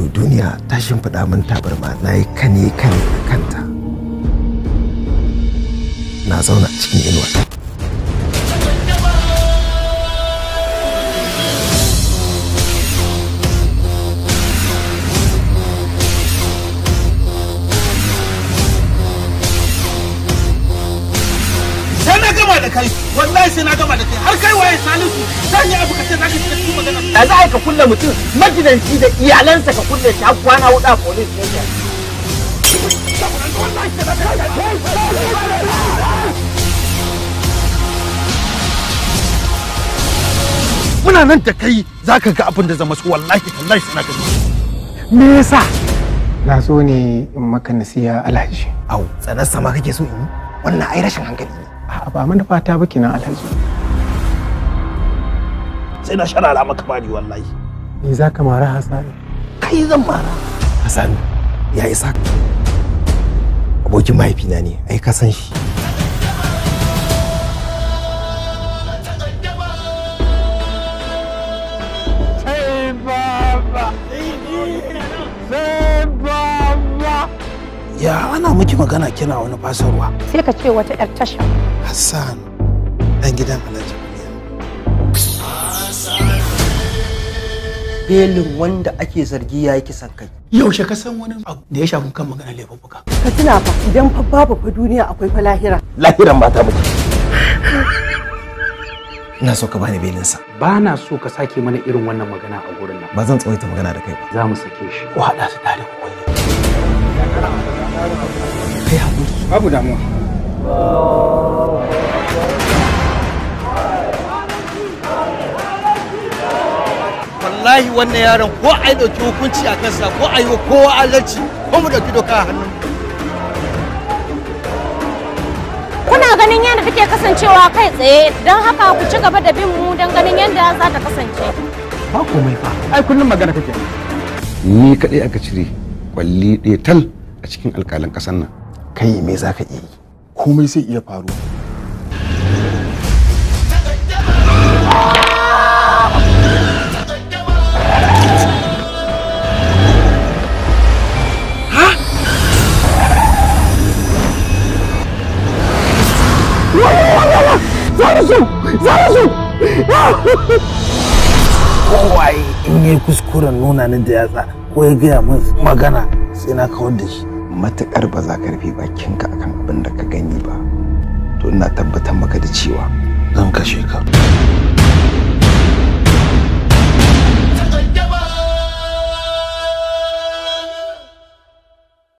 wato duniya ta shimfiɗa min tabarma na yi kane kane a kanta na zauna cikin inuwa sai na gama da kai wallahi sai na gama da kai har kai waye salisu da za a ka kulle mutum majinanci da iyalansa ka kulle shi har kwana hudu a police station. Muna nan da kai za ka ga abin da zama su wallahi tallahi suna gani. Me yasa? Na so ne in maka nasiya alhaji. Au, tsanar sama kake so in yi? Wannan ai rashin hankali ne. A'a ba manufa ta baki na alhaji. sai na sharara maka bani wallahi me za ka mara hasani kai zan mara hasani ya isa abokin mahaifina ne ai ka san shi Ya ana miki magana kina wani fasarwa. Sai ka ce wata 'yar tasha. Hassan, ɗan gidan Alhaji. belin wanda ake zargi ya yi kisan kai. Yaushe ka san wani abu da ya shafi kan magana laifuffuka. Ka tuna fa idan fa babu fa duniya akwai fa lahira. Lahiran mata muke. Ina so ka bani belin sa. Ba na so ka sake mana irin wannan magana a gurin nan. Ba zan tsawaita magana da kai ba. Za mu sake shi. Ko haɗa su tare ku kulle. Kai haƙuri. Babu damuwa. wallahi wannan yaron ko a yi ɗauki hukunci a kansa ko a yi kowa alalci ko mu ɗauki doka a hannun kuna ganin yadda kake kasancewa kai tsaye don haka ku ci gaba da bin mu don ganin yadda za ta kasance ba komai ba. ai kullum magana kake ni kaɗai aka cire kwalli ɗaya tal a cikin alƙalin ƙasar nan kai me za ka iya yi komai sai iya faruwa zarasu zarasu kowai in yi kuskuren nuna ni da yatsa ko ya gaya min magana sai na kawar da shi Matukar ba za bakinka akan abin da ka gani ba to ina tabbatar maka da cewa zan kashe ka